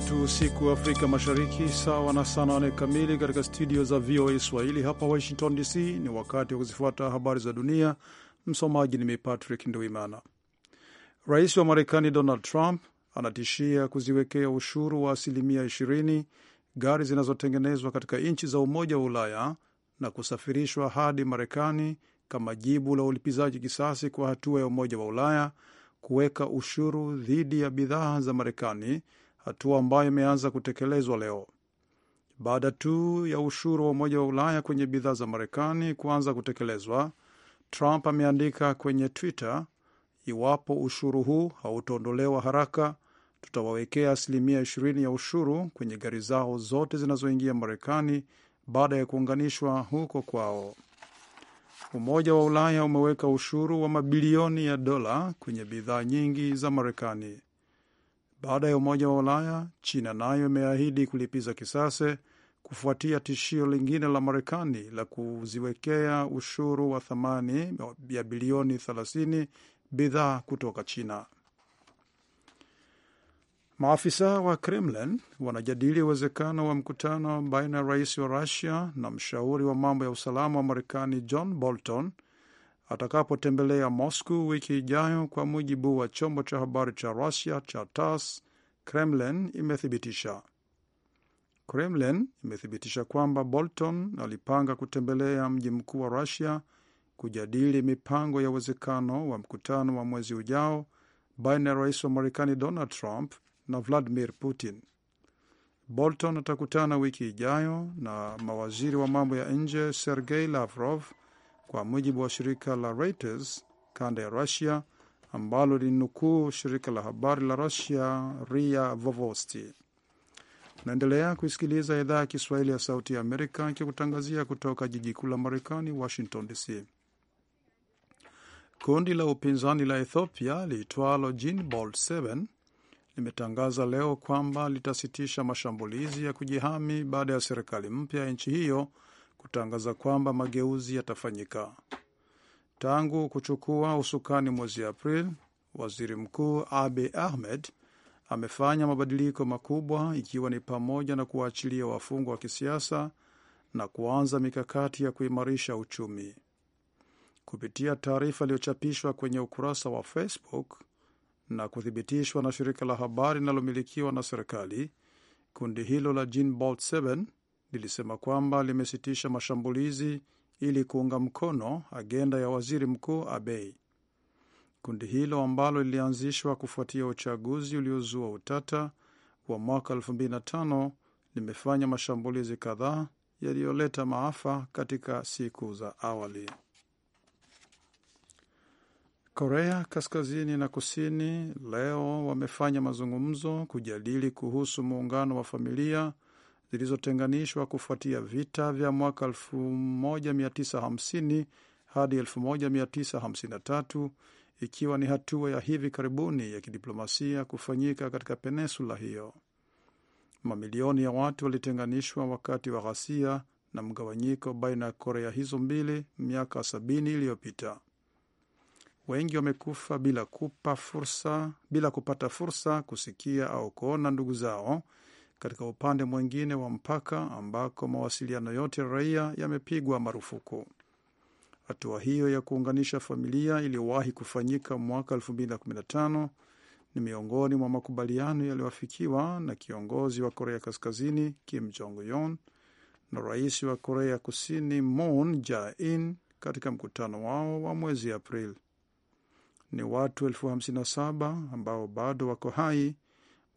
tatu usiku wa Afrika Mashariki, sawa na saa nane kamili katika studio za VOA Swahili hapa Washington DC. Ni wakati wa kuzifuata habari za dunia. Msomaji ni mimi Patrick Nduimana. Rais wa Marekani Donald Trump anatishia kuziwekea ushuru wa asilimia 20 gari zinazotengenezwa katika nchi za Umoja wa Ulaya na kusafirishwa hadi Marekani kama jibu la ulipizaji kisasi kwa hatua ya Umoja wa Ulaya kuweka ushuru dhidi ya bidhaa za Marekani hatua ambayo imeanza kutekelezwa leo baada tu ya ushuru wa Umoja wa Ulaya kwenye bidhaa za Marekani kuanza kutekelezwa. Trump ameandika kwenye Twitter, iwapo ushuru huu hautaondolewa haraka, tutawawekea asilimia 20 ya ushuru kwenye gari zao zote zinazoingia Marekani baada ya kuunganishwa huko kwao. Umoja wa Ulaya umeweka ushuru wa mabilioni ya dola kwenye bidhaa nyingi za Marekani. Baada ya Umoja wa Ulaya, China nayo imeahidi kulipiza kisasi kufuatia tishio lingine la Marekani la kuziwekea ushuru wa thamani ya bilioni 30 bidhaa kutoka China. Maafisa wa Kremlin wanajadili uwezekano wa mkutano baina ya rais wa Rusia na mshauri wa mambo ya usalama wa Marekani John Bolton atakapotembelea Moscow wiki ijayo, kwa mujibu wa chombo cha habari cha rusia cha TASS. Kremlin imethibitisha Kremlin imethibitisha kwamba Bolton alipanga kutembelea mji mkuu wa rusia kujadili mipango ya uwezekano wa mkutano wa mwezi ujao baina ya rais wa Marekani Donald Trump na Vladimir Putin. Bolton atakutana wiki ijayo na mawaziri wa mambo ya nje Sergei Lavrov kwa mujibu wa shirika la Reuters kanda ya Rusia ambalo lilinukuu shirika la habari la Rusia Ria Vovosti. Unaendelea kuisikiliza idhaa ya Kiswahili ya Sauti ya Amerika ikikutangazia kutoka jiji kuu la Marekani, Washington DC. Kundi la upinzani la Ethiopia liitwalo Jinbalt 7 limetangaza leo kwamba litasitisha mashambulizi ya kujihami baada ya serikali mpya ya nchi hiyo kutangaza kwamba mageuzi yatafanyika. Tangu kuchukua usukani mwezi Aprili, waziri mkuu Abi Ahmed amefanya mabadiliko makubwa, ikiwa ni pamoja na kuwaachilia wafungwa wa kisiasa na kuanza mikakati ya kuimarisha uchumi. Kupitia taarifa iliyochapishwa kwenye ukurasa wa Facebook na kuthibitishwa na shirika la habari linalomilikiwa na serikali, kundi hilo la Jinbaot lilisema kwamba limesitisha mashambulizi ili kuunga mkono agenda ya waziri mkuu Abei. Kundi hilo ambalo lilianzishwa kufuatia uchaguzi uliozua utata wa mwaka 2005 limefanya mashambulizi kadhaa yaliyoleta maafa katika siku za awali. Korea Kaskazini na Kusini leo wamefanya mazungumzo kujadili kuhusu muungano wa familia zilizotenganishwa kufuatia vita vya mwaka 1950 hadi 1953 ikiwa ni hatua ya hivi karibuni ya kidiplomasia kufanyika katika peninsula hiyo. Mamilioni ya watu walitenganishwa wakati wa ghasia na mgawanyiko baina ya Korea hizo mbili miaka sabini iliyopita. Wengi wamekufa bila kupa fursa, bila kupata fursa kusikia au kuona ndugu zao katika upande mwingine wa mpaka ambako mawasiliano yote raia yamepigwa marufuku. Hatua hiyo ya kuunganisha familia iliyowahi kufanyika mwaka 2015 ni miongoni mwa makubaliano yaliyoafikiwa na kiongozi wa Korea Kaskazini Kim Jong Un na rais wa Korea Kusini Moon Jae-in katika mkutano wao wa mwezi Aprili. Ni watu elfu hamsini na saba ambao bado wako hai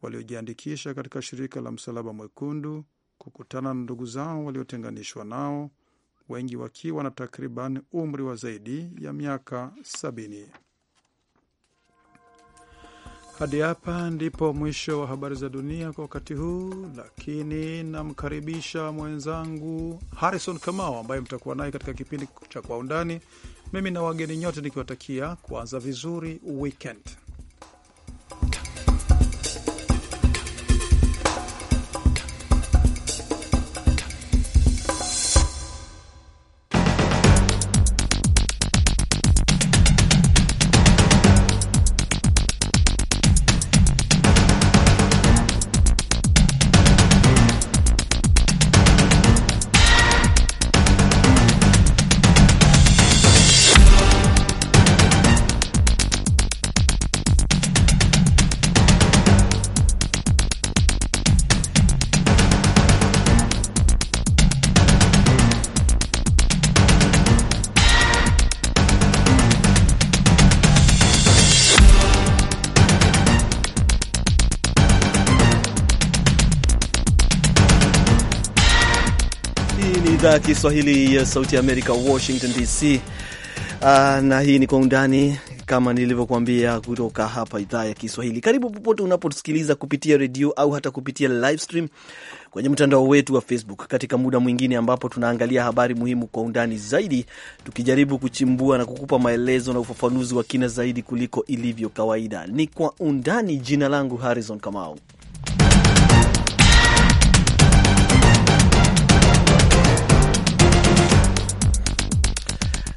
waliojiandikisha katika shirika la Msalaba Mwekundu kukutana na ndugu zao waliotenganishwa nao, wengi wakiwa na takriban umri wa zaidi ya miaka sabini. Hadi hapa ndipo mwisho wa habari za dunia kwa wakati huu, lakini namkaribisha mwenzangu Harrison Kamau ambaye mtakuwa naye katika kipindi cha Kwa Undani. Mimi na wageni nyote nikiwatakia kuanza vizuri weekend. idhaa ya Kiswahili ya Sauti ya Amerika, Washington DC. Uh, ah, na hii ni Kwa Undani kama nilivyokuambia, kutoka hapa idhaa ya Kiswahili. Karibu popote unapotusikiliza kupitia redio au hata kupitia live stream kwenye mtandao wetu wa Facebook katika muda mwingine ambapo tunaangalia habari muhimu kwa undani zaidi, tukijaribu kuchimbua na kukupa maelezo na ufafanuzi wa kina zaidi kuliko ilivyo kawaida. Ni Kwa Undani. Jina langu Harrison Kamau.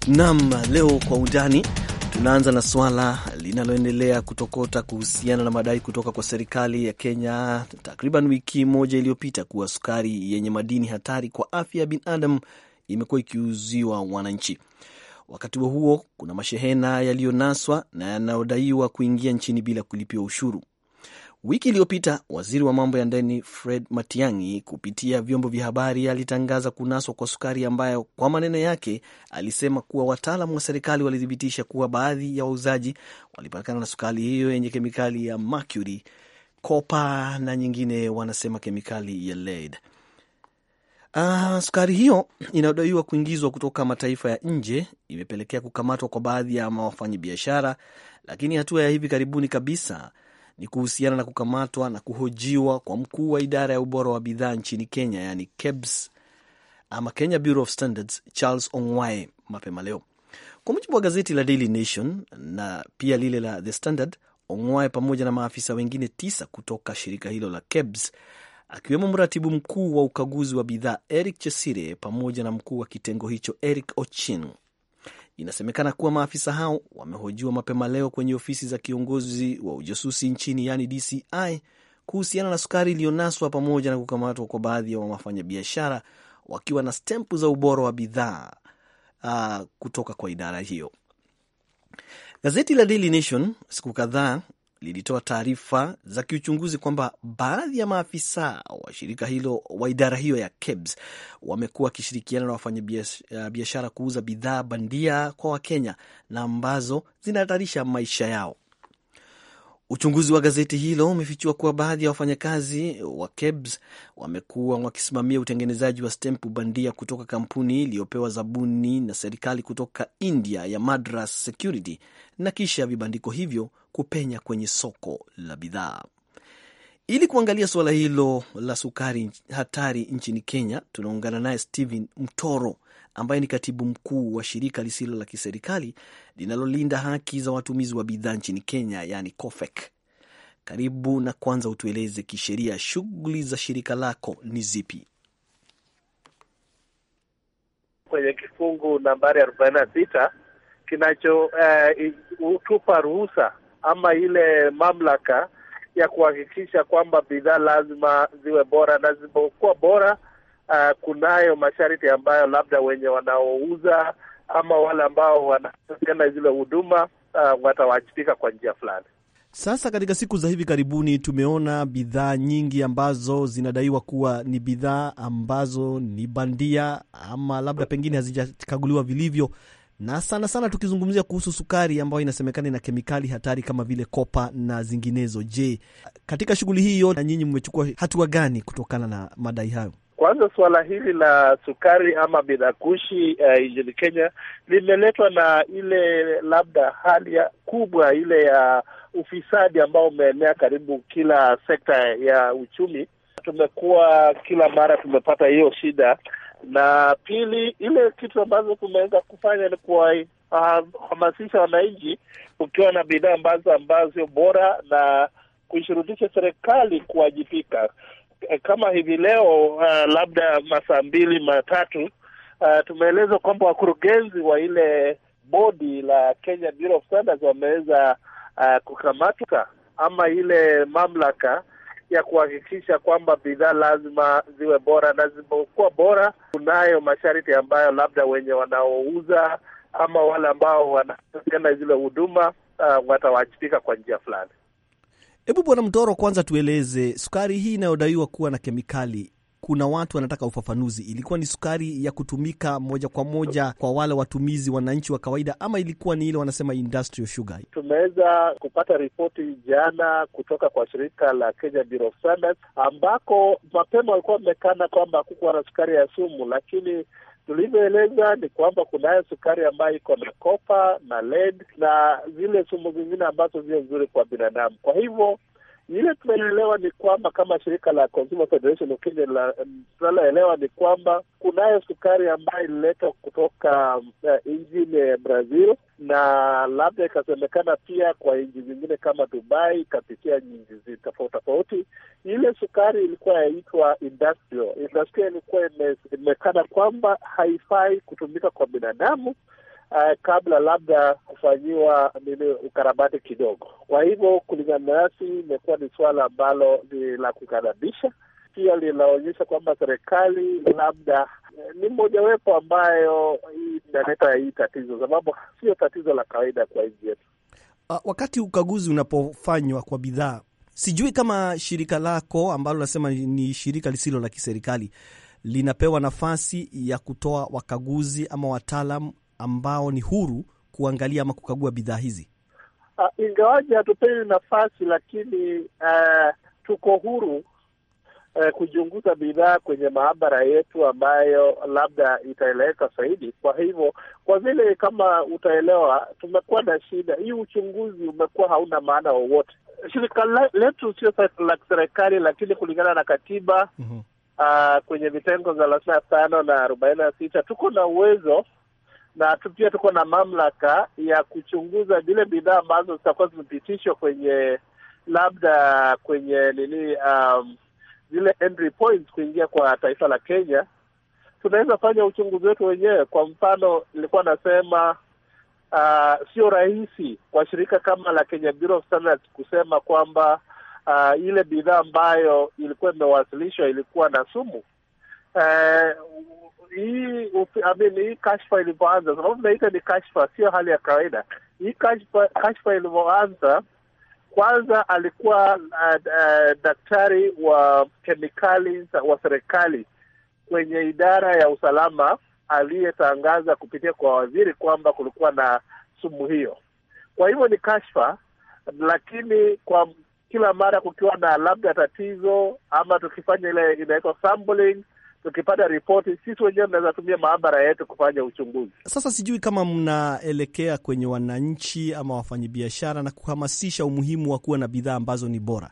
nam leo kwa undani tunaanza na suala linaloendelea kutokota kuhusiana na madai kutoka kwa serikali ya Kenya takriban wiki moja iliyopita kuwa sukari yenye madini hatari kwa afya ya binadamu imekuwa ikiuziwa wananchi. Wakati wa huo kuna mashehena yaliyonaswa na yanayodaiwa kuingia nchini bila kulipiwa ushuru. Wiki iliyopita waziri wa mambo ya ndani Fred Matiang'i kupitia vyombo vya habari alitangaza kunaswa kwa sukari ambayo kwa maneno yake alisema kuwa wataalam wa serikali walithibitisha kuwa baadhi ya wauzaji walipatikana na sukari hiyo yenye kemikali ya mercury, kopa na nyingine wanasema kemikali ya lead. Uh, sukari hiyo inayodaiwa kuingizwa kutoka mataifa ya nje imepelekea kukamatwa kwa baadhi ya wafanyabiashara, lakini hatua ya hivi karibuni kabisa ni kuhusiana na kukamatwa na kuhojiwa kwa mkuu wa idara ya ubora wa bidhaa nchini Kenya, yani KEBS ama Kenya Bureau of Standards, Charles Ongwae mapema leo, kwa mujibu wa gazeti la Daily Nation na pia lile la The Standard. Ongwae pamoja na maafisa wengine tisa kutoka shirika hilo la KEBS akiwemo mratibu mkuu wa ukaguzi wa bidhaa Eric Chesire pamoja na mkuu wa kitengo hicho Eric Ochin Inasemekana kuwa maafisa hao wamehojiwa mapema leo kwenye ofisi za kiongozi wa ujasusi nchini yani DCI kuhusiana na sukari iliyonaswa pamoja na kukamatwa kwa baadhi ya wafanyabiashara wakiwa na stempu za ubora wa bidhaa uh, kutoka kwa idara hiyo. Gazeti la Daily Nation siku kadhaa lilitoa taarifa za kiuchunguzi kwamba baadhi ya maafisa wa shirika hilo wa idara hiyo ya KEBS wamekuwa wakishirikiana na wafanyabiashara eh, kuuza bidhaa bandia kwa Wakenya na ambazo zinahatarisha maisha yao. Uchunguzi wa gazeti hilo umefichua kuwa baadhi ya wafanyakazi wa KEBS wamekuwa wakisimamia utengenezaji wa stempu bandia kutoka kampuni iliyopewa zabuni na serikali kutoka India ya Madras Security na kisha vibandiko hivyo kupenya kwenye soko la bidhaa. Ili kuangalia suala hilo la sukari hatari nchini Kenya, tunaungana naye stehen Mtoro ambaye ni katibu mkuu wa shirika lisilo la kiserikali linalolinda haki za watumizi wa bidhaa nchini Kenya, yani COFEC. Karibu na kwanza utueleze kisheria shughuli za shirika lako ni zipi? Kwenye kifungu nambari arobaini na sita kinachotupa eh, ruhusa ama ile mamlaka ya kuhakikisha kwamba bidhaa lazima ziwe bora, na zipokuwa bora uh, kunayo masharti ambayo labda wenye wanaouza ama wale ambao wanapeana zile huduma uh, watawajibika kwa njia fulani. Sasa katika siku za hivi karibuni tumeona bidhaa nyingi ambazo zinadaiwa kuwa ni bidhaa ambazo ni bandia ama labda pengine hazijakaguliwa vilivyo, na sana sana tukizungumzia kuhusu sukari ambayo inasemekana ina kemikali hatari kama vile kopa na zinginezo. Je, katika shughuli hii yote nyinyi mmechukua hatua gani kutokana na madai hayo? Kwanza suala hili la sukari ama bidhaa kushi uh, eh, nchini Kenya limeletwa na ile labda hali kubwa ile ya uh, ufisadi ambao umeenea karibu kila sekta ya uchumi. Tumekuwa kila mara tumepata hiyo shida, na pili, ile kitu ambazo tumeweza kufanya ni kuwahamasisha uh, wananchi kukiwa na bidhaa ambazo ambazo bora na kuishurutisha serikali kuwajibika. Kama hivi leo uh, labda masaa mbili matatu uh, tumeelezwa kwamba wakurugenzi wa ile bodi la Kenya Bureau of Standards wameweza uh, kukamatwa ama ile mamlaka ya kuhakikisha kwamba bidhaa lazima ziwe bora, na zimekuwa bora, kunayo masharti ambayo labda wenye wanaouza ama wale ambao wanapeana zile huduma uh, watawajibika kwa njia fulani. Hebu Bwana Mtoro, kwanza tueleze sukari hii inayodaiwa kuwa na kemikali kuna watu wanataka ufafanuzi. Ilikuwa ni sukari ya kutumika moja kwa moja kwa wale watumizi, wananchi wa kawaida, ama ilikuwa ni ile wanasema industrial sugar? Tumeweza kupata ripoti jana kutoka kwa shirika la Kenya Bureau of Standards, ambako mapema walikuwa wamekana kwamba hakukuwa na sukari ya sumu, lakini tulivyoeleza ni kwamba kunayo sukari ambayo iko na kopa na lead na zile sumu zingine ambazo sio nzuri kwa binadamu. Kwa hivyo ile tunaelewa ni kwamba kama shirika la Consumer Federation of Kenya eh, tunaloelewa ni kwamba kunayo sukari ambayo ililetwa kutoka uh, eh, nchini ya Brazil na labda ikasemekana pia kwa nchi zingine kama Dubai ikapitia nchi tofauti tofauti. Ile sukari ilikuwa yaitwa industrial. Industrial ilikuwa imekana kwamba haifai kutumika kwa binadamu uh, kabla labda kufanyiwa nini ukarabati kidogo. Kwa hivyo kulingana nasi, imekuwa ni suala ambalo ni la kukaribisha, pia linaonyesha kwamba serikali labda eh, ni mojawapo ambayo inaleta hii tatizo, sababu sio tatizo la kawaida kwa nchi yetu. Uh, wakati ukaguzi unapofanywa kwa bidhaa, sijui kama shirika lako ambalo nasema ni shirika lisilo la kiserikali linapewa nafasi ya kutoa wakaguzi ama wataalam ambao ni huru kuangalia ama kukagua bidhaa hizi? Uh, ah, ingawaji hatupewi nafasi lakini uh, tuko huru uh, eh, kujiunguza bidhaa kwenye maabara yetu ambayo labda itaeleweka zaidi. Kwa hivyo, kwa vile kama utaelewa, tumekuwa na shida hii, uchunguzi umekuwa hauna maana wowote. Shirika letu sio la serikali, lakini kulingana na katiba mm -hmm. uh, kwenye vitengo thelathini na tano na arobaini na sita tuko na uwezo na pia tuko na mamlaka ya kuchunguza zile bidhaa ambazo zitakuwa zimepitishwa kwenye labda kwenye nini, um, zile entry points kuingia kwa taifa la Kenya. Tunaweza fanya uchunguzi wetu wenyewe. Kwa mfano, nilikuwa nasema uh, sio rahisi kwa shirika kama la Kenya Bureau of Standards kusema kwamba uh, ile bidhaa ambayo ilikuwa imewasilishwa ilikuwa na sumu. Uh, hii hii kashfa ilivyoanza, sababu naita ni kashfa, sio hali ya kawaida. Hii kashfa ilivyoanza, kwanza alikuwa uh, uh, daktari wa kemikali wa serikali kwenye idara ya usalama aliyetangaza kupitia kwa waziri kwamba kulikuwa na sumu hiyo. Kwa hivyo ni kashfa, lakini kwa kila mara kukiwa na labda tatizo ama tukifanya ile inaitwa sampling tukipata ripoti sisi wenyewe tunaweza tumia maabara yetu kufanya uchunguzi. Sasa sijui kama mnaelekea kwenye wananchi ama wafanyabiashara na kuhamasisha umuhimu wa kuwa na bidhaa ambazo ni bora.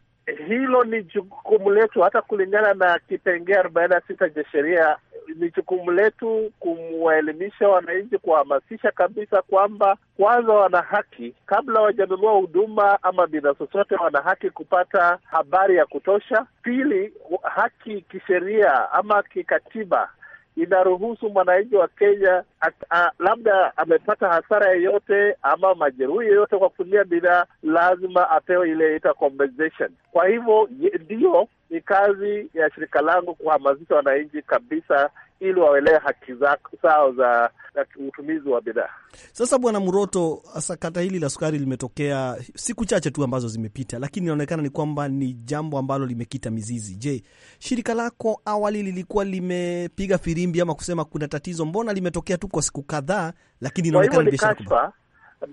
Hilo ni jukumu letu, hata kulingana na kipengee arobaini na sita cha sheria ni jukumu letu kumwaelimisha wananchi, kuhamasisha kabisa kwamba kwanza wana haki kabla wajanunua huduma ama bidhaa zozote, wana haki kupata habari ya kutosha. Pili, haki kisheria ama kikatiba inaruhusu mwananchi wa Kenya a, a, labda amepata hasara yoyote ama majeruhi yoyote kwa kutumia bidhaa, lazima apewe ile ita compensation. Kwa hivyo ndiyo ni kazi ya shirika langu kuhamasisha wananchi kabisa ili waelewe haki zao za utumizi wa bidhaa. Sasa Bwana Mroto, hasa kata hili la sukari limetokea siku chache tu ambazo zimepita, lakini inaonekana ni kwamba ni jambo ambalo limekita mizizi. Je, shirika lako awali lilikuwa limepiga firimbi ama kusema kuna tatizo? Mbona limetokea tu kwa siku kadhaa, lakini inaonekana ni biashara kubwa.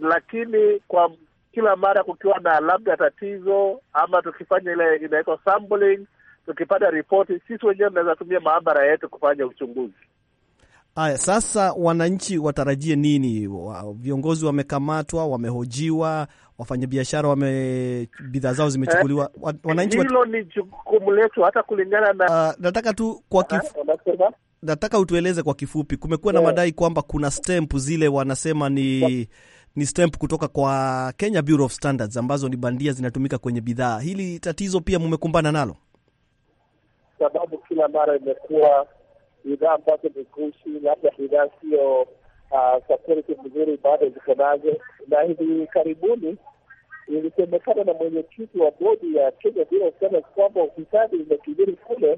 Lakini kwa kila mara kukiwa na labda tatizo ama tukifanya ile inaitwa sampling, tukipata ripoti sisi wenyewe tunaweza tumia maabara yetu kufanya uchunguzi. Haya, sasa wananchi watarajie nini? Viongozi wamekamatwa, wamehojiwa, wafanyabiashara wame bidhaa zao zimechukuliwa. Eh, wananchi hilo wat... ni jukumu letu hata kulingana na uh, nataka tu kwa ah, kifu... nataka utueleze kwa kifupi, kumekuwa yeah, na eh. madai kwamba kuna stempu zile wanasema ni yeah ni stamp kutoka kwa Kenya Bureau of Standards ambazo ni bandia zinatumika kwenye bidhaa. Hili tatizo pia mmekumbana nalo? Sababu kila mara imekuwa bidhaa ambazo ni gushi, labda bidhaa sio security ah, vizuri, bado ziko nazo. Na hivi karibuni ilisemekana na mwenyekiti wa bodi ya Kenya Bureau of Standards kwamba ufisadi umekidhiri kule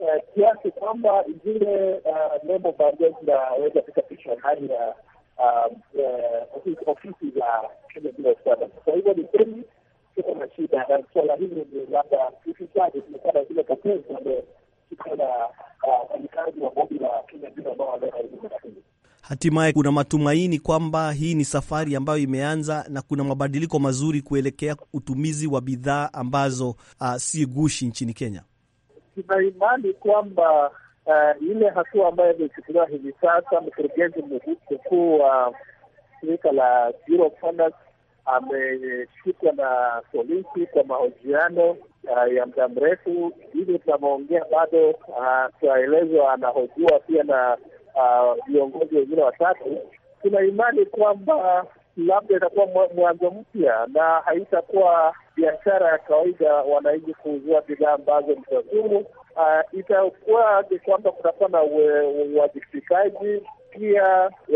eh, kiasi kwamba zile ah, nembo bandia zinaweza kusafisha hali ya Um, uh, ofisi za Kwa hivyo ni kweli tuko na shida, na swala hili ni labda ufisadi, kumekuwa na zile kampeni tuko na uh, wafanyikazi wa bodi la Kenya Bila ambao wanaweka hizi kampeni. Hatimaye kuna matumaini kwamba hii ni safari ambayo imeanza na kuna mabadiliko mazuri kuelekea utumizi wa bidhaa ambazo uh, si gushi nchini Kenya. Tuna imani kwamba Uh, ile hatua ambayo imechukuliwa hivi sasa, mkurugenzi mkuu wa shirika la ameshikwa na polisi kwa mahojiano uh, ya muda mrefu. Hivi tunavyoongea bado uh, tunaelezwa anahojiwa pia na uh, viongozi uh, wengine watatu. Tuna imani kwamba labda itakuwa mwanzo mpya na haitakuwa biashara ya kawaida, wananchi kuuzua bidhaa ambazo ni za sumu uh, itakuwa ni kwamba kutakuwa na uwajibikaji. Pia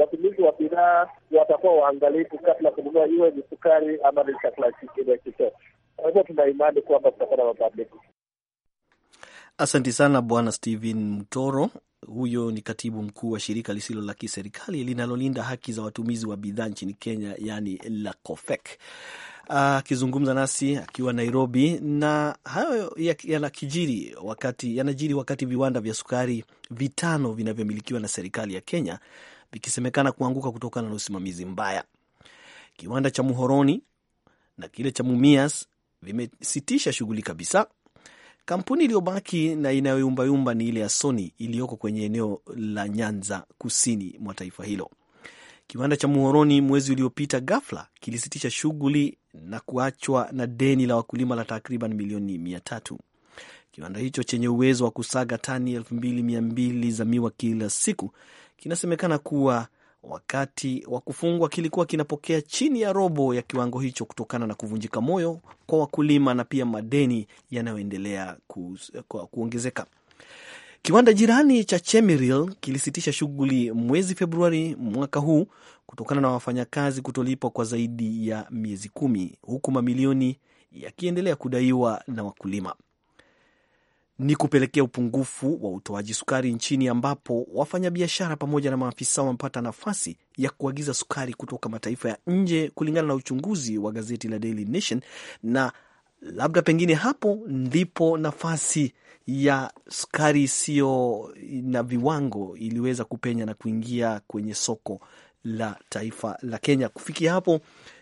watumizi wa bidhaa watakuwa waangalifu kabla ya kununua, iwe ni sukari ama ni chakula kingine chochote. Kwa hivyo tuna imani kwamba kutakuwa na mabadiliko. asanti sana Bwana Steven Mtoro. Huyo ni katibu mkuu wa shirika lisilo la kiserikali linalolinda haki za watumizi wa bidhaa nchini Kenya, yani LACOFEC akizungumza nasi akiwa Nairobi. Na hayo yanajiri wakati, yanajiri wakati viwanda vya sukari vitano vinavyomilikiwa na serikali ya Kenya vikisemekana kuanguka kutokana na usimamizi mbaya. Kiwanda cha Muhoroni na kile cha Mumias vimesitisha shughuli kabisa. Kampuni iliyobaki na inayoyumbayumba ni ile ya Sony iliyoko kwenye eneo la Nyanza, kusini mwa taifa hilo. Kiwanda cha Muhoroni mwezi uliopita ghafla kilisitisha shughuli na kuachwa na deni la wakulima la takriban milioni mia tatu. Kiwanda hicho chenye uwezo wa kusaga tani elfu mbili mia mbili za miwa kila siku kinasemekana kuwa wakati wa kufungwa kilikuwa kinapokea chini ya robo ya kiwango hicho kutokana na kuvunjika moyo kwa wakulima na pia madeni yanayoendelea kuongezeka. Kiwanda jirani cha Chemiril kilisitisha shughuli mwezi Februari mwaka huu kutokana na wafanyakazi kutolipwa kwa zaidi ya miezi kumi, huku mamilioni yakiendelea kudaiwa na wakulima. Ni kupelekea upungufu wa utoaji sukari nchini, ambapo wafanyabiashara pamoja na maafisa wamepata nafasi ya kuagiza sukari kutoka mataifa ya nje, kulingana na uchunguzi wa gazeti la Daily Nation na labda pengine hapo ndipo nafasi ya sukari isiyo na viwango iliweza kupenya na kuingia kwenye soko la taifa la Kenya. Kufikia hapo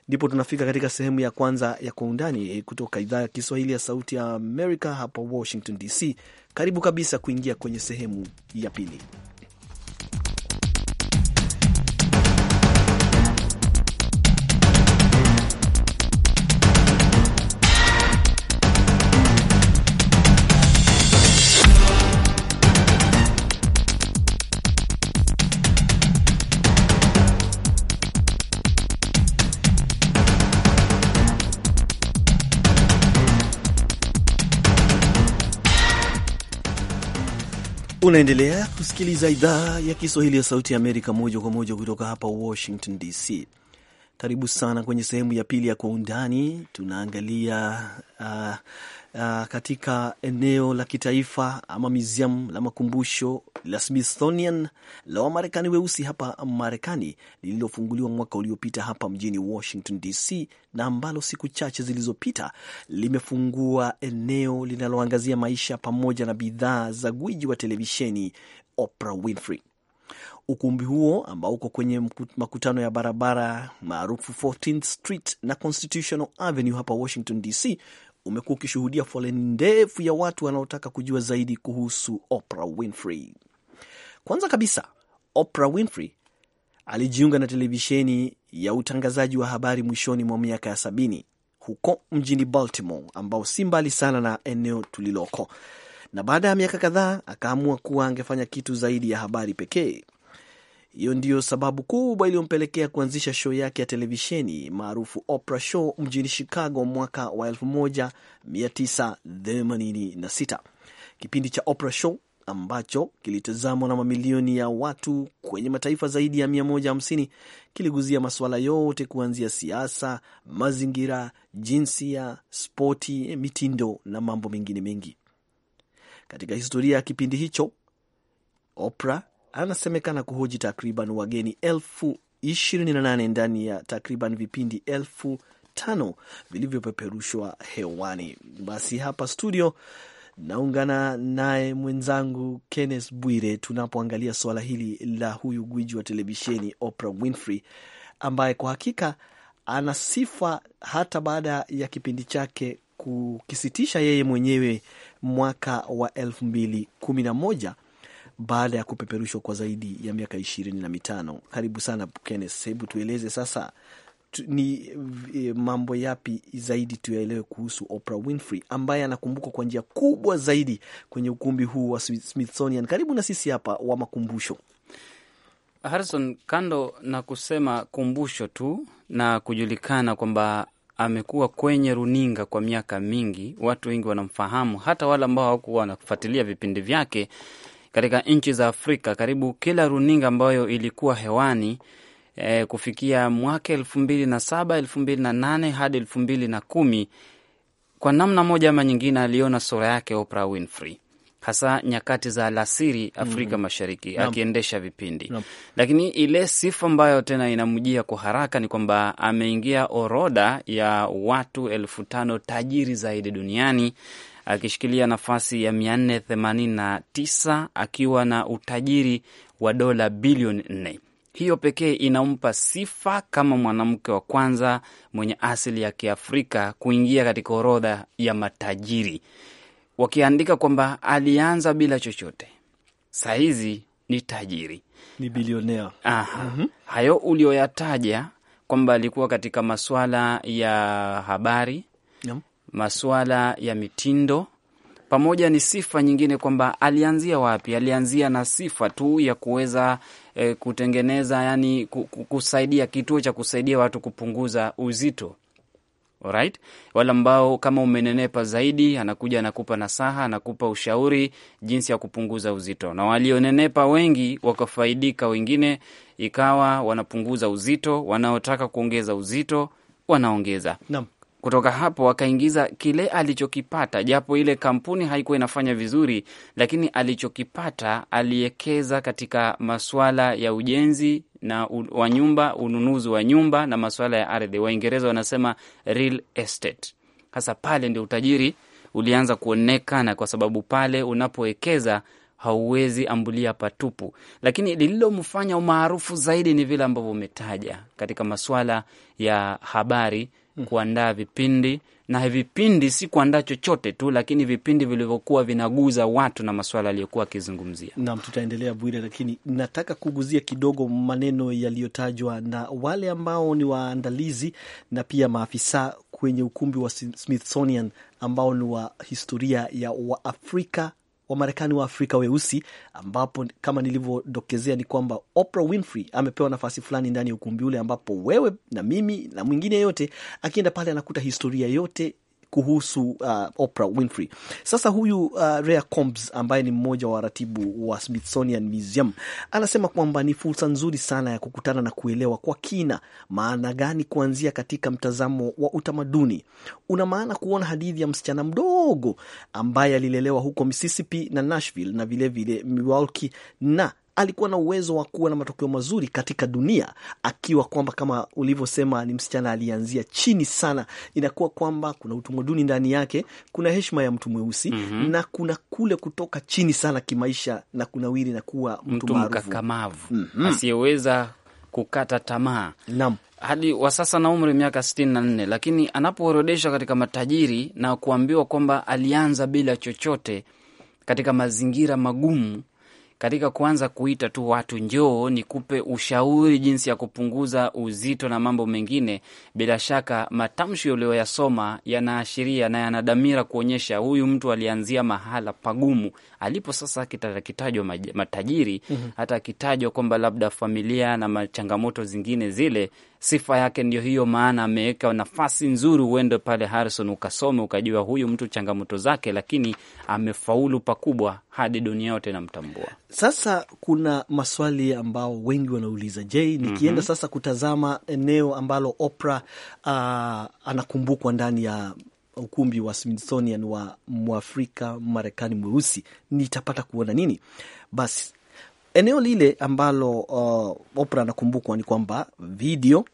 ndipo tunafika katika sehemu ya kwanza ya Kwa Undani eh, kutoka idhaa ya Kiswahili ya Sauti ya Amerika hapa Washington DC. Karibu kabisa kuingia kwenye sehemu ya pili. Unaendelea kusikiliza idhaa ya Kiswahili ya Sauti ya Amerika moja kwa moja kutoka hapa Washington DC. Karibu sana kwenye sehemu ya pili ya Kwa Undani. Tunaangalia uh, uh, katika eneo la kitaifa ama museum la makumbusho la Smithsonian la Wamarekani weusi hapa Marekani lililofunguliwa mwaka uliopita hapa mjini Washington DC na ambalo siku chache zilizopita limefungua eneo linaloangazia maisha pamoja na bidhaa za gwiji wa televisheni Oprah Winfrey ukumbi huo ambao uko kwenye makutano ya barabara maarufu 14th Street na Constitutional Avenue hapa Washington DC umekuwa ukishuhudia foleni ndefu ya watu wanaotaka kujua zaidi kuhusu Oprah Winfrey. Kwanza kabisa, Oprah Winfrey alijiunga na televisheni ya utangazaji wa habari mwishoni mwa miaka ya sabini huko mjini Baltimore, ambao si mbali sana na eneo tuliloko, na baada ya miaka kadhaa akaamua kuwa angefanya kitu zaidi ya habari pekee. Hiyo ndiyo sababu kubwa iliyompelekea kuanzisha show yake ya televisheni maarufu Oprah Show mjini Chicago mwaka wa 1986. Kipindi cha Oprah Show ambacho kilitazamwa na mamilioni ya watu kwenye mataifa zaidi ya 150 kiliguzia masuala yote kuanzia siasa, mazingira, jinsia, spoti, mitindo na mambo mengine mengi. Katika historia ya kipindi hicho, Oprah anasemekana kuhoji takriban wageni elfu 28 ndani ya takriban vipindi elfu tano vilivyopeperushwa hewani. Basi hapa studio naungana naye mwenzangu Kenneth Bwire tunapoangalia suala hili la huyu gwiji wa televisheni Oprah Winfrey ambaye kwa hakika ana sifa hata baada ya kipindi chake kukisitisha yeye mwenyewe mwaka wa elfu mbili kumi na moja baada ya kupeperushwa kwa zaidi ya miaka ishirini na mitano. Karibu sana Kenneth, hebu tueleze sasa tu, ni e, mambo yapi zaidi tuyaelewe kuhusu Oprah Winfrey ambaye anakumbukwa kwa njia kubwa zaidi kwenye ukumbi huu wa Smithsonian karibu na sisi hapa wa makumbusho. Harrison, kando na kusema kumbusho tu na kujulikana kwamba amekuwa kwenye runinga kwa miaka mingi, watu wengi wanamfahamu, hata wale ambao hawakuwa wanafuatilia vipindi vyake katika nchi za Afrika. Karibu kila runinga ambayo ilikuwa hewani eh, kufikia mwaka elfu mbili na saba elfu mbili na nane hadi elfu mbili na kumi kwa namna moja ama nyingine aliona sura yake Oprah Winfrey hasa nyakati za alasiri Afrika mm -hmm. Mashariki akiendesha vipindi no. Lakini ile sifa ambayo tena inamjia kwa haraka ni kwamba ameingia orodha ya watu elfu tano tajiri zaidi duniani akishikilia nafasi ya tisa akiwa na utajiri wa dola bilioni nne. Hiyo pekee inampa sifa kama mwanamke wa kwanza mwenye asili ya Kiafrika kuingia katika orodha ya matajiri wakiandika kwamba alianza bila chochote, saa hizi ni tajiri, ni bilionea. Aha. Mm -hmm. Hayo ulioyataja kwamba alikuwa katika masuala ya habari yeah, masuala ya mitindo pamoja ni sifa nyingine, kwamba alianzia wapi? Alianzia na sifa tu ya kuweza e, kutengeneza yani kusaidia kituo cha kusaidia watu kupunguza uzito Alright? Wale ambao kama umenenepa zaidi, anakuja anakupa nasaha, anakupa ushauri jinsi ya kupunguza uzito, na walionenepa wengi wakafaidika, wengine ikawa wanapunguza uzito, wanaotaka kuongeza uzito wanaongeza no. Kutoka hapo akaingiza kile alichokipata, japo ile kampuni haikuwa inafanya vizuri, lakini alichokipata aliwekeza katika masuala ya ujenzi na wa nyumba, ununuzi wa nyumba na masuala ya ardhi. Waingereza wanasema real estate. Hasa pale ndio utajiri ulianza kuonekana, kwa sababu pale unapowekeza hauwezi ambulia patupu. Lakini lililomfanya umaarufu zaidi ni vile ambavyo umetaja katika masuala ya habari, mm. kuandaa vipindi na vipindi si kuandaa chochote tu, lakini vipindi vilivyokuwa vinaguza watu na maswala aliyokuwa akizungumzia. Naam, tutaendelea Bwire, lakini nataka kuguzia kidogo maneno yaliyotajwa na wale ambao ni waandalizi na pia maafisa kwenye ukumbi wa Smithsonian ambao ni wa historia ya Waafrika Wamarekani wa Afrika weusi, ambapo kama nilivyodokezea ni kwamba Oprah Winfrey amepewa nafasi fulani ndani ya ukumbi ule, ambapo wewe na mimi na mwingine yote akienda pale anakuta historia yote kuhusu uh, Oprah Winfrey. Sasa huyu uh, Rea Combs ambaye ni mmoja wa ratibu wa Smithsonian Museum anasema kwamba ni fursa nzuri sana ya kukutana na kuelewa kwa kina maana gani kuanzia katika mtazamo wa utamaduni. Una maana kuona hadithi ya msichana mdogo ambaye alilelewa huko Mississippi na Nashville na vilevile Milwaukee na alikuwa na uwezo wa kuwa na matokeo mazuri katika dunia, akiwa kwamba kama ulivyosema ni msichana alianzia chini sana. Inakuwa kwamba kuna utumaduni ndani yake, kuna heshima ya mtu mweusi mm -hmm. na kuna kule kutoka chini sana kimaisha na kunawiri na kuwa mtu mkakamavu mm -hmm. asiyeweza kukata tamaa Nam. hadi wa sasa na umri miaka sitini na nne, lakini anapoorodeshwa katika matajiri na kuambiwa kwamba alianza bila chochote katika mazingira magumu katika kuanza kuita tu watu njoo nikupe ushauri jinsi ya kupunguza uzito na mambo mengine, bila shaka matamshi uliyoyasoma yanaashiria na yana dhamira kuonyesha huyu mtu alianzia mahala pagumu alipo sasa, akitajwa matajiri mm -hmm. hata akitajwa kwamba labda familia na changamoto zingine zile sifa yake ndio hiyo, maana ameweka nafasi nzuri, uende pale Harrison ukasome ukajua huyu mtu changamoto zake, lakini amefaulu pakubwa hadi dunia yote namtambua. Sasa kuna maswali ambao wengi wanauliza, je, nikienda mm -hmm. sasa kutazama eneo ambalo Oprah uh, anakumbukwa ndani ya ukumbi wa Smithsonian wa Mwafrika Marekani mweusi nitapata kuona nini? Basi eneo lile ambalo uh, Oprah anakumbukwa ni kwamba video,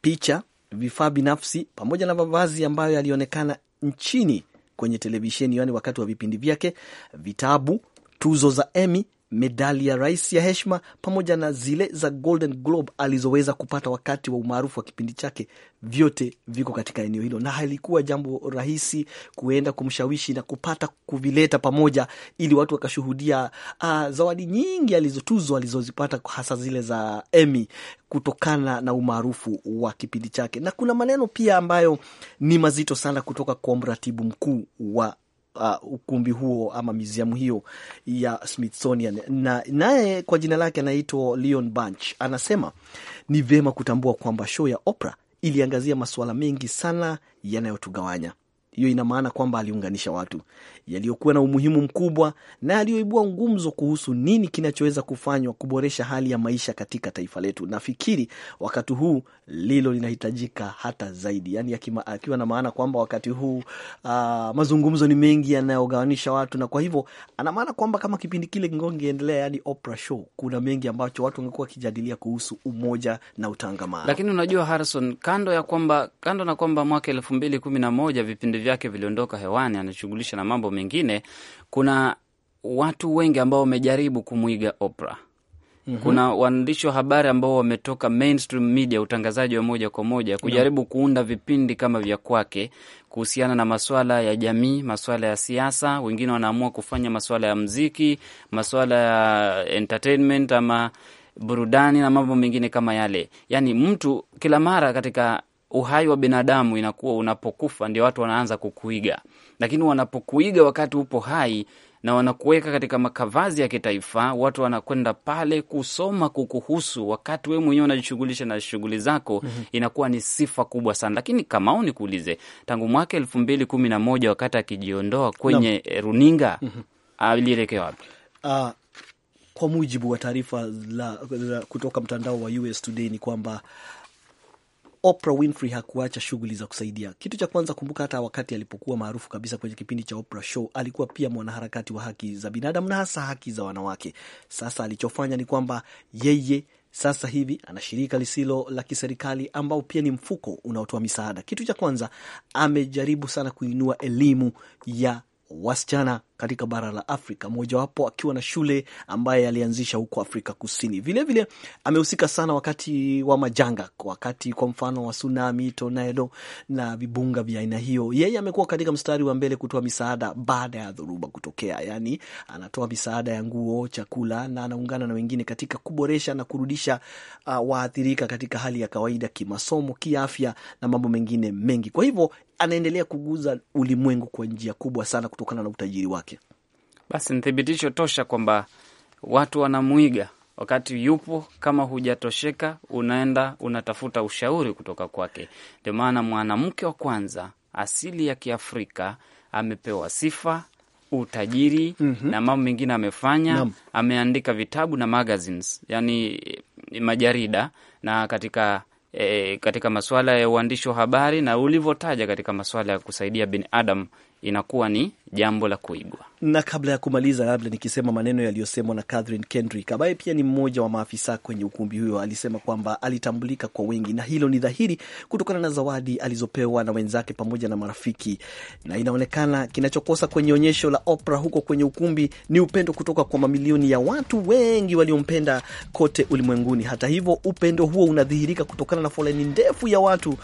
picha, vifaa binafsi pamoja na mavazi ambayo yalionekana nchini kwenye televisheni, yaani wakati wa vipindi vyake, vitabu, tuzo za Emmy medali ya rais ya heshima pamoja na zile za Golden Globe alizoweza kupata wakati wa umaarufu wa kipindi chake, vyote viko katika eneo hilo, na halikuwa jambo rahisi kuenda kumshawishi na kupata kuvileta pamoja ili watu wakashuhudia uh, zawadi nyingi alizotuzwa alizozipata hasa zile za Emmy kutokana na umaarufu wa kipindi chake. Na kuna maneno pia ambayo ni mazito sana kutoka kwa mratibu mkuu wa uh, ukumbi huo ama miziamu hiyo ya Smithsonian, na naye kwa jina lake anaitwa Leon Bunch, anasema ni vema kutambua kwamba show ya Oprah iliangazia masuala mengi sana yanayotugawanya hiyo ina maana kwamba aliunganisha watu, yaliyokuwa na umuhimu mkubwa na yaliyoibua ngumzo kuhusu nini kinachoweza kufanywa kuboresha hali ya maisha katika taifa letu. Nafikiri wakati huu lilo linahitajika hata zaidi, yani akiwa akiwa na maana kwamba wakati huu uh, mazungumzo ni mengi yanayogawanisha watu, na kwa hivyo ana maana kwamba kama kipindi kile kingeendelea, yani Oprah show, kuna mengi ambacho watu wangekuwa wakijadilia kuhusu umoja na utangamano. Lakini unajua Harrison, kando ya kwamba kando na kwamba mwaka elfu mbili kumi na moja vipindi vyake viliondoka hewani, anashughulisha na mambo mengine. Kuna watu wengi ambao wamejaribu kumwiga Oprah. Mm -hmm. Kuna waandishi wa habari ambao wametoka mainstream media, utangazaji wa moja kwa moja, kujaribu kuunda vipindi kama vya kwake kuhusiana na maswala ya jamii, maswala ya siasa. Wengine wanaamua kufanya maswala ya mziki, maswala ya entertainment ama burudani na mambo mengine kama yale. Yani mtu kila mara katika uhai wa binadamu inakuwa unapokufa ndio watu wanaanza kukuiga, lakini wanapokuiga wakati upo hai na wanakuweka katika makavazi ya kitaifa, watu wanakwenda pale kusoma kukuhusu, wakati wewe mwenyewe unajishughulisha na shughuli zako mm -hmm. Inakuwa ni sifa kubwa sana. Lakini Kamau, nikuulize, tangu mwaka elfu mbili kumi na moja wakati akijiondoa kwenye no. runinga mm -hmm. alielekea wapi? Uh, kwa mujibu wa taarifa kutoka mtandao wa US Today ni kwamba Oprah Winfrey hakuacha shughuli za kusaidia. Kitu cha kwanza, kumbuka, hata wakati alipokuwa maarufu kabisa kwenye kipindi cha Oprah Show, alikuwa pia mwanaharakati wa haki za binadamu na hasa haki za wanawake. Sasa alichofanya ni kwamba yeye sasa hivi ana shirika lisilo la kiserikali ambao pia ni mfuko unaotoa misaada. Kitu cha kwanza, amejaribu sana kuinua elimu ya wasichana katika bara la Afrika, mojawapo akiwa na shule ambaye alianzisha huko Afrika Kusini. Vilevile amehusika sana wakati wa majanga, wakati kwa mfano wa tsunami, tornado na vibunga vya aina hiyo. Yeye amekuwa katika mstari wa mbele kutoa misaada baada ya dhoruba kutokea, yani anatoa misaada ya nguo, chakula na anaungana na wengine katika kuboresha na kurudisha uh, waathirika katika hali ya kawaida, kimasomo, kiafya na mambo mengine mengi. Kwa hivyo anaendelea kuguza ulimwengu kwa njia kubwa sana kutokana na utajiri wake basi ni thibitisho tosha kwamba watu wanamwiga. Wakati yupo kama hujatosheka, unaenda unatafuta ushauri kutoka kwake. Ndio maana mwanamke wa kwanza asili ya Kiafrika amepewa sifa utajiri mm -hmm. na mambo mengine amefanya Nam. ameandika vitabu na magazines, yani majarida na katika e, katika masuala ya uandishi wa habari na ulivyotaja katika masuala ya kusaidia binadamu inakuwa ni jambo la kuigwa. Na kabla ya kumaliza, labda nikisema maneno yaliyosemwa na Catherine Kendrick ambaye pia ni mmoja wa maafisa kwenye ukumbi huyo, alisema kwamba alitambulika kwa wengi, na hilo ni dhahiri kutokana na zawadi alizopewa na wenzake pamoja na marafiki, na inaonekana kinachokosa kwenye onyesho la Opera huko kwenye ukumbi ni upendo kutoka kwa mamilioni ya watu wengi waliompenda kote ulimwenguni. Hata hivyo, upendo huo unadhihirika kutokana na foleni ndefu ya watu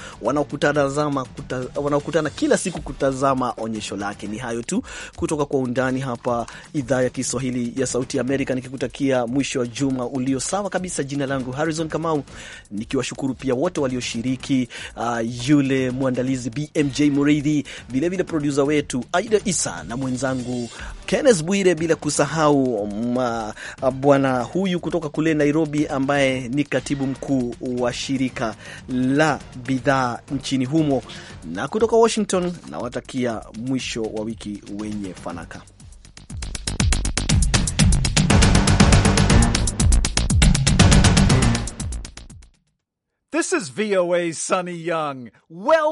wanaokutana kila siku kutazama onyesho lake. Ni hayo tu yetu kutoka kwa undani hapa idhaa ya Kiswahili ya Sauti Amerika, nikikutakia mwisho wa juma ulio sawa kabisa. Jina langu Harrison Kamau, nikiwashukuru pia wote walioshiriki, uh, yule mwandalizi BMJ Muridhi, vilevile produsa wetu Aida Isa na mwenzangu Kenneth Bwire, bila kusahau um, uh, bwana huyu kutoka kule Nairobi ambaye ni katibu mkuu wa shirika la bidhaa nchini humo, na kutoka Washington nawatakia mwisho wa wiki wenye fanaka. This is VOA's Sunny Young. Welcome